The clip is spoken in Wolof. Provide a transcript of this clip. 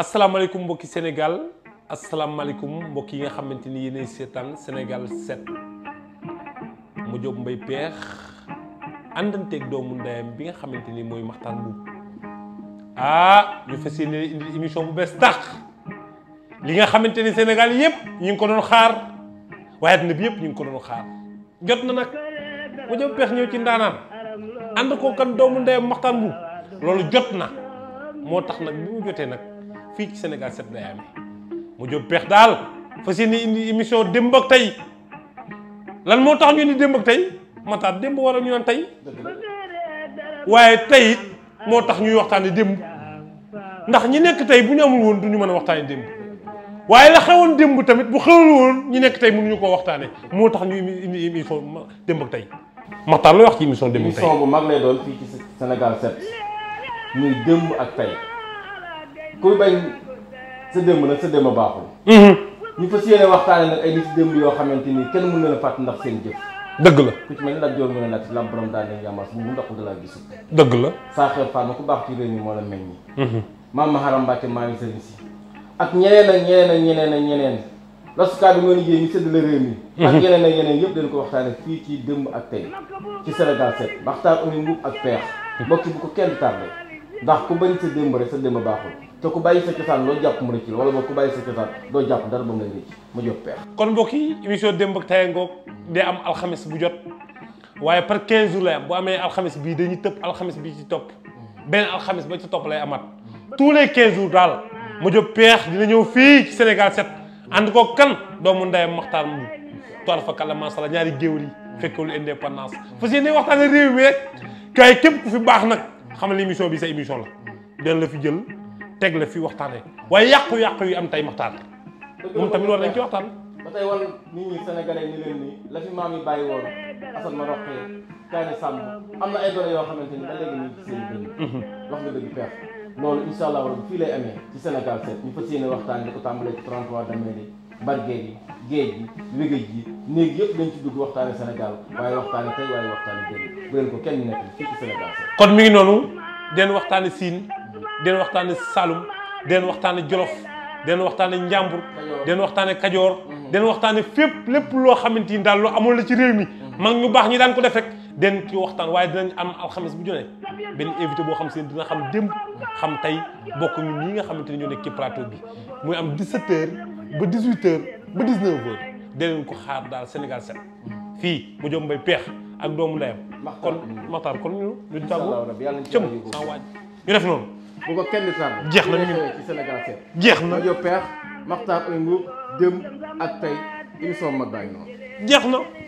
asalaamaaleykum mbokki Sénégal asalaamaaleykum mbokk yi nga xamante ni yéenay seetaan Sénégal 7 mu mbay peex àndanteeg doomu ndeyam bi nga xamante ni mooy maxtaan bu ah ñu fas yéene bu bees tax li nga xamante ni Sénégal yëpp ñu ngi ko doon xaar waaye àddina bi yëpp ñu ngi ko doon xaar jot na nag mu jóg peex ñëw ci ndaanaan ànd koo doomu ndeyam maxtaan bu loolu jot na moo tax nag bi mu jotee nag. fii ci Sénégal 7 lay amee mu jóg peex daal fas yéene indi émission démb ak tey lan moo tax ñu ni démb ak tey Matar démb waroon ñu naan tey waaye tey moo tax ñuy waxtaane démb ndax ñi nekk tey bu ñu amul du ñu mën a waxtaane démb waaye la xewoon démb tamit bu xewul woon ñi nekk tey mënuñu koo waxtaane moo tax ñu indi émission démb ak tey Matar looy wax ci émission démb ak tey émission bu mag lay doon fii ci Sénégal 7 muy démb ak tey kuy bañ sa démb nag sa démb baaxul. Mhm. ñu fas yéene waxtaane nag ay nit démb yoo xamante ni kenn mën leen a fàtt ndax seen jëf. dëgg la ku ci mel ni Lat Joor nga ne nag si lam borom daal leen yàmmal si dëgg la saa xel fànn ku baax ci réew mi moo la meññ. Mhm. maam Maharam Mbàcke maa ngi sëriñ si ak ñeneen ak ñeneen ak ñeneen ak ñeneen lasukaa bi moo liggéey ñu séddale réew mi mhm. ak yeneen yeneen yëpp dañ ko waxtaane fii ci démb ak tey ci Sénégal 7 waxtaan uni mbub ak peex mbokk bu ko kenn tardé ndax ku bañ sa démb rek sa baaxul te ku bàyyi sa cosaan loo jàpp mu rëcc la wala boog ku bàyyi sa cosaan loo jàpp dara ba mu lay rëcc mu peex. kon mbokk yi émission démb ak tey am alxames bu jot waaye par quinze jours lay am bu amee alxames bii dañuy tëpp alxames bii ci topp benn alxames ba ci topp lay amaat tous les 15 jours daal mu jóg peex dina ñëw fii ci Sénégal set ànd ko kan doomu ndeyam Maxtaar mu toile fa kàlla macha ñaari géewal yi fekkul indépendance fas yéene waxtaanee réew mi baax nag xam ne émission bi sa émission la la fi jël. teg la fi waxtaanee waaye yàqu-yàqu yi am tey maxtaan moom tamit war nañ ci waxtaan ba tey wan nit ñi la fi maam yi bàyyi woon ma roqee kaani sàmm am na ay doole yoo xamante ni ba léegi ñu ngi ci seen biir mhm. wax nga dëgg peex loolu insha allah rabbi fii lay amee ñu fas yéene waxtaan di ko tàmbalee ci 33 damee di bargeeg yi géej gi wégéej gi néeg yëpp dañ ci dugg waxtaane Sénégal waaye waxtaane tey waaye waxtaane géej bu leen ko waxtaane siin den waxtaane saalum den waxtaane Jolof den waxtaane Njàmbur den waxtaane Kajoor mhm. den waxtaane fépp lépp loo xamante ni daal loo amoon la ci réew mi mhm. mag ñu baax ñi daan ko def rek den ci waxtaan waaye dinañ am alxames bu jone benn invité boo xam seen dina xam démb xam tey bokk ñun ñi nga xamante ni ñoo nekk ci plateau bi muy am dis heures ba 18 heures ba 19 heures deneen ko xaar daal Sénégal set mhm. fii mu jom bay peex ak doomu ndeyam kon Matar kon ñu ñu tàggu cëm sans waaj ñu def noonu bu ko kenn tàmm. jeex na ñu ci Sénégal seet. jeex na rajo Père Makhtar Ngoup jëm ak tey émission mag baa jeex na.